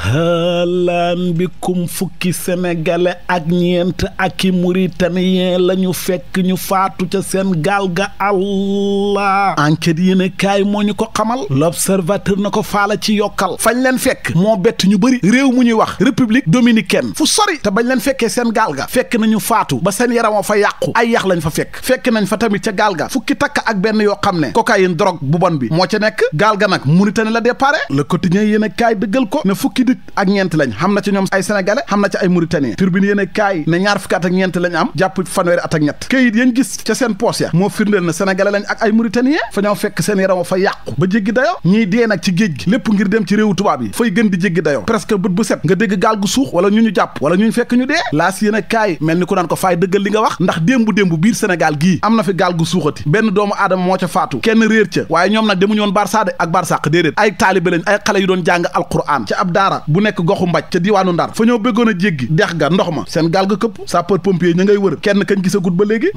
河。salaam bikum fukki sénégalais ak ñeent ak i mauritanien la ñu fekk ñu faatu ca seen gaal ga allah enquête yéen kaay moo ñu ko xamal l'observateur na ko faala ci yokkal fañ leen fekk moo bett ñu bëri réew mu ñuy wax république dominicaine fu sori te bañ leen fekkee seen gaal ga fekk nañu faatu ba seen yaram fa yàqu ay yax lañ fa fekk fekk nañ fa tamit ca gaal ga fukki takk ak benn yoo xam ne cocaïne drogue bu bon bi moo ca nekk gaal ga nag Mauritanie la départ kaay dëggal ko ne fukki nit lañ xam na ci ñoom ay sénégalais xam na ci ay mauritanien turbine yéen ne ñaar fukki at ñeent lañ am jàpp fanweeri at ak ñett kayit yañ gis ca seen poos ya moo firndeel na sénégalais lañ ak ay mauritanien fa ñoo fekk seen yaram fa yàqu ba jéggi dayo ñiy dee nag ci géej gi lépp ngir dem ci réewu tubaab yi fay gën di jéggi dayo presque bët bu set nga dégg gaal gu suux wala ñu ñu jàpp wala ñu fekk ñu dee laas yéen mel ni ku naan ko faay dëggal nga wax ndax démbu démbu biir sénégal gii am na fi gaal gu suuxati benn doomu aadama moo kenn réer ca waaye ñoom nag demu ñoon barsaade ak barsàq déedéet ay taalibe lañ ay xale mbaj ca diwaanu ndar fa ñoo bëggoon a jéggi dex ga ndox ma seen gaal ga këpp sapeur pompier ña wër kenn kañ gisagut ba léegi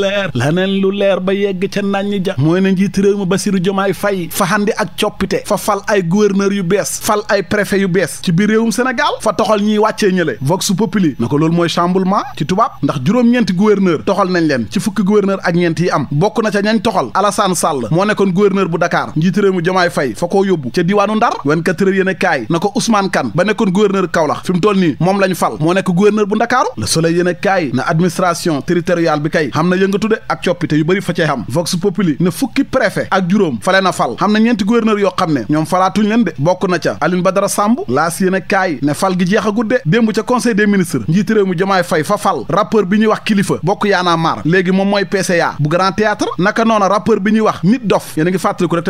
leer laneen lu leer ba yegg ca nañ ja mooy na njiit réew mi Bassirou Diomaye Faye fa handi ak coppite fa fal ay gouverneur yu bees fal ay préfet yu bees ci biir réewum Sénégal fa toxal ñiy wàccee ñële vox populi na ko loolu mooy chamboulement ci tubaab ndax juróom-ñeenti gouverneur toxal nañ leen ci fukki gouverneur ak ñeent am bokk na ca ñañ toxal Alassane Sall moo nekkoon gouverneur bu Dakar njiit réew mi Diomaye Faye fa koo yóbbu ca diwaanu Ndar 24 heures ko Ousmane Kane ba nekkoon gouverneur Kaolack fi mu toll nii moom la ñu fal moo nekk gouverneur bu Ndakaaru Le Soleil yéen a kaay na administration territoriale bi kay xam na yëngatu de ak coppite yu bëri fa cee xam Vox Populi ne fukki préfet ak juróom fale na fal xam na ñeenti gouverneur yoo xam ne ñoom falaatuñ leen de bokk na ca Aline Badara Samb laas yéen a kaay ne fal gi jeexagut de démb ca conseil des ministres njiitu réew mi fa fal rappeur bi moom mooy PCA bu grand théâtre naka noona rappeur bi wax nit dof yéena ngi fàttaliku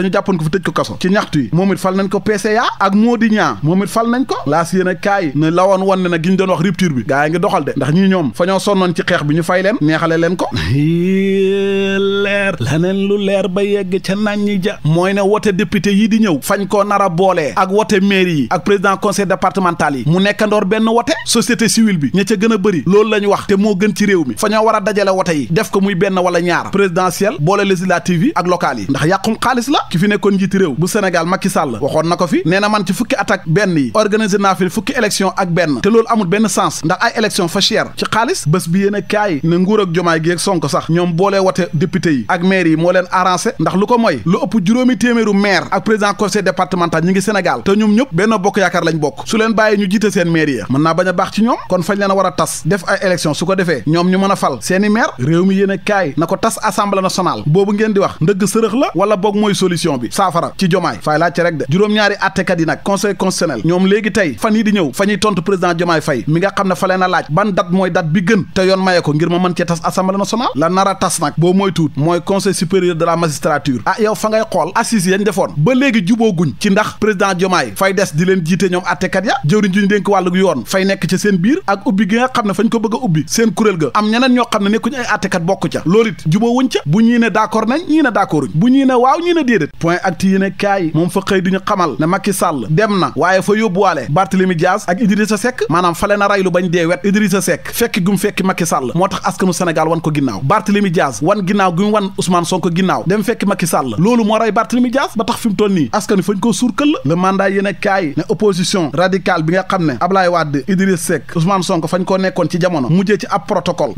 moom it fal nañ ko laas yéen a kaay ne lawoon woon ne na gi ñu doon wax rupture bi gaa yi ngi doxal de ndax ñi ñoom fa ñoo sonnoon ci xeex bi ñu fay leen neexale leen ko leer laneen lu leer ba yegg ca nañ ñi ja mooy ne wote député yi di ñëw fañ koo nar a boolee ak wote mairie yi ak président conseil départemental yi mu nekkandoor benn wote société civile bi ña ca gën a bëri loolu la ñu wax te moo gën ci réew mi fa ñoo a dajale wote yi def ko muy benn wala ñaar présidentielle boole législative yi ak locale yi ndax yàqum xaalis la ki fi nekkoon njiiti réew bu Sénégal Macky Sall waxoon na ko fi nee na man fukki at benn yi organise naa fi fukki élection ak benn te loolu amul benn sens ndax ay élection fa cher ci xaalis bés bi yéen a kaay ne nguur ak jomaay gi ak sax ñoom boolee wote député yi ak maire yi moo leen arrangé ndax lu ko moy lu ëpp juróomi téeméeru maire ak président conseil départemental ñi ngi Sénégal te ñoom ñëpp benn bokk yaakaar lañ bokk su leen bàyyi ñu jiite seen maire ya mën naa bañ a baax ci ñoom kon fañ leen war a tas def ay élection ko defee ñoom ñu mën a fal seeni maire réew mi yéen a ko tas assemblée nationale boobu ngeen di wax ndëgg sërëx la wala boog mooy solution bi saafara ci jomaay fay laaj ci rek de juróom yi nag conseil constitutionnel ñoom léegi tey fan yi di ñëw fa ñuy tontu président Diomaye Faye mi nga xam ne fa leen a laaj ban date mooy date bi gën te yoon maye ko ngir ma mën cee tas assemblée nationale la nar a tas nag boo mooy tuut mooy conseil supérieur de la magistrature a ah yow fa ngay xool assises yañ defoon ba léegi jubooguñ ci ndax président Diomaye fay des di leen jiite ñoom attekat ya jëwriñ ju ñu dénk wàllu yoon fay nekk ci seen biir ak ubbi gi nga xam ne fañ ko bëgg a ubbi seen kuréel am ñeneen ñoo xam ne nekkuñu ay attekat bokk ca loolu it juboowuñ ca bu ñii ne d'accord nañ ñii ne d'accorduñ bu ñii ne waaw ñii ne déedéet point acte yéene kaay moom fa xëy xamal ne Macky Sall dem na waaye fa yóbbuwaale Barthélemy Dias ak Idrissa Seck maanaam fale na raylu bañ dee wet Idrissa Seck fekk gum fekki Macky Sall moo tax askanu Sénégal wan ko ginnaaw Barthélemy Dias wan ginnaaw gu wan Ousmane Sonko ginnaaw dem fekki Macky Sall loolu moo ray Barthélemy Dias ba tax fi mu nii askanu fañ koo suur këll le mandat yéen a kaay ne opposition radicale bi nga xam ne Ablaye Wade Idrissa Seck Ousmane Sonko fañ koo nekkoon ci jamono mujjee ci ab protocole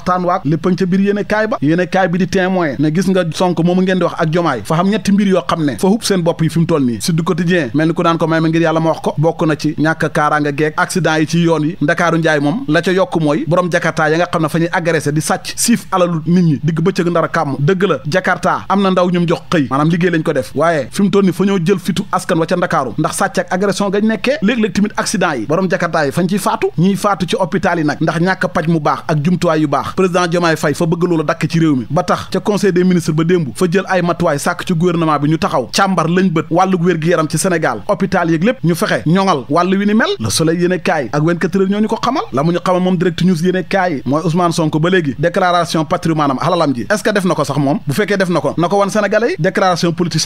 a bir yene kay ba yene kaay bi di témoin ne gis nga sonk mom ngeen di wax ak Jomaay fa xam ñetti mbir yoo xam ne fa hub seen bopp yi fi mu toll nii Sud Quotidien mel ni ku daan ko may ma ngir yàlla ma wax ko bokk na ci ñàkk karanga geeg accident yi ci yoon yi ndakaaru njaay moom la ca yokk mooy borom jakarta ya nga xam ne fa ñuy agresser di sàcc siif alalu nit ñi digg bëccëg ndara kàmm dëgg la jakarta am na ndaw ñum jox xëy maanaam liggéey lañ ko def waaye fi mu toll fa ñoo jël fitu askan wa ca ndakaaru ndax sàcc ak agression gañ nekkee léeg-léeg timit accident yi borom jakarta yi fañ ciy faatu ñiy faatu ci hôpital yi nag ndax ñàkk paj mu baax ak jumtuwaay yu baax président jomay Fay fa bëgg loola dakk ci réew mi ba tax ca conseil des ministres ba démb fa jël ay matuwaay sàkk ci gouvernement bi ñu taxaw càmbar lañ bët wàllug yaram ci Sénégal hôpital yeeg lépp ñu fexe ñoŋal wàllu wi ni mel le soleil yéene kaay ak 24 heures ñoo ñu ko xamal la mu ñu xamal moom direct news yéene kaay mooy Ousmane Sonko ba léegi déclaration patrimoine am ji est def na ko sax moom bu fekkee def na ko na ko wan sénégalais déclaration politique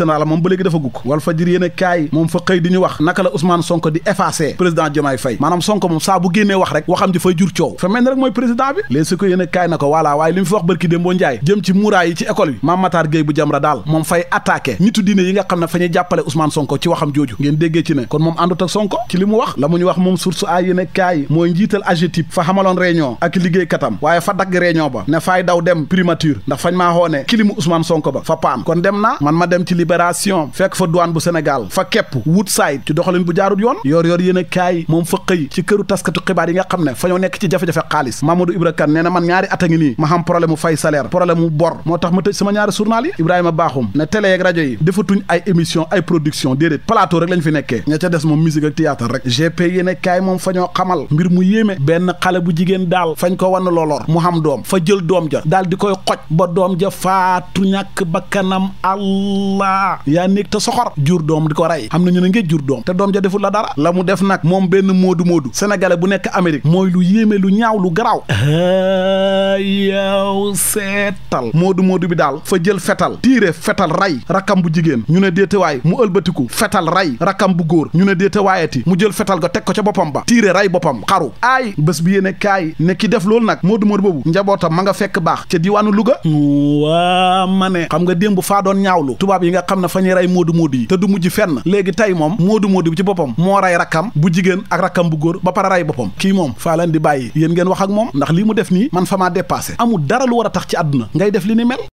mi fi wax barki démb boo njaay jëm ci muuraay yi fa la mu ñu wax moom source ay yéen kaay mooy njiital AGETIP fa xamaloon réunion dagg réunion ba ne faay daw dem primature ndax fañ maa xoone kilimu Ousmane Sonko ba fa paam kon dem na man ma dem ci libération fekk fa douane bu Sénégal fa kepp Woodside ci doxalin bu jaarut yoon yoor yoor yéen kaay moom fa xëy ci këru taskatu xibaar yi nga xam ne fa ñoo nekk ci jafe-jafe xaalis Mamadou Ibra Kane nee na man ñaari at a ngi nii ma xam problème mu fay salaire problème mu bor moo tax ma tëj sama ñaari journal yi Ibrahima Bakhoum ne télé yeeg rajo yi defatuñ ay émission ay production déedéet plateau rek lañ fi nekkee ña des moom musique ak théâtre rek gp yéene kaay moom fa ñoo xamal mbir mu yéeme benn xale bu jigéen daal fañ ko wan looloor mu xam doom fa jël doom ja daal di koy xoj ba doom ja faatu ñàkk bakkanam allah yaa néeg te soxor jur doom di ko rey xam na ñu ne ngeen jur doom te doom ja deful la dara mu def nag moom benn moodu moodu sénégalais bu nekk Amérique mooy lu yéeme lu ñaaw lu garaaw aw seetal moodu du bi daal fa jël fetal tiire fetal ray rakkam bu jigéen ñu ne déetewaay mu ëlbatiku fetal ray rakkam bu góor ñu ne ti mu jël fetal ga teg ko ca boppam ba tiire ray boppam xaru aay bés bi yéene kaay ne ki def loolu nag moodu moodu boobu njabootam ma nga fekk baax ca diiwaanu Louga waa ma ne xam nga démb faa doon ñaawlu tubaab yi nga xam ne fa ñuy rey moodu moodu yi te du mujj fenn léegi tey moom moodu moodu bi ci boppam moo ray rakkam bu jigéen ak bu góor ba pare ray boppam kii moom faa leen di dara lu war a tax ci àdduna ngay def li ni mel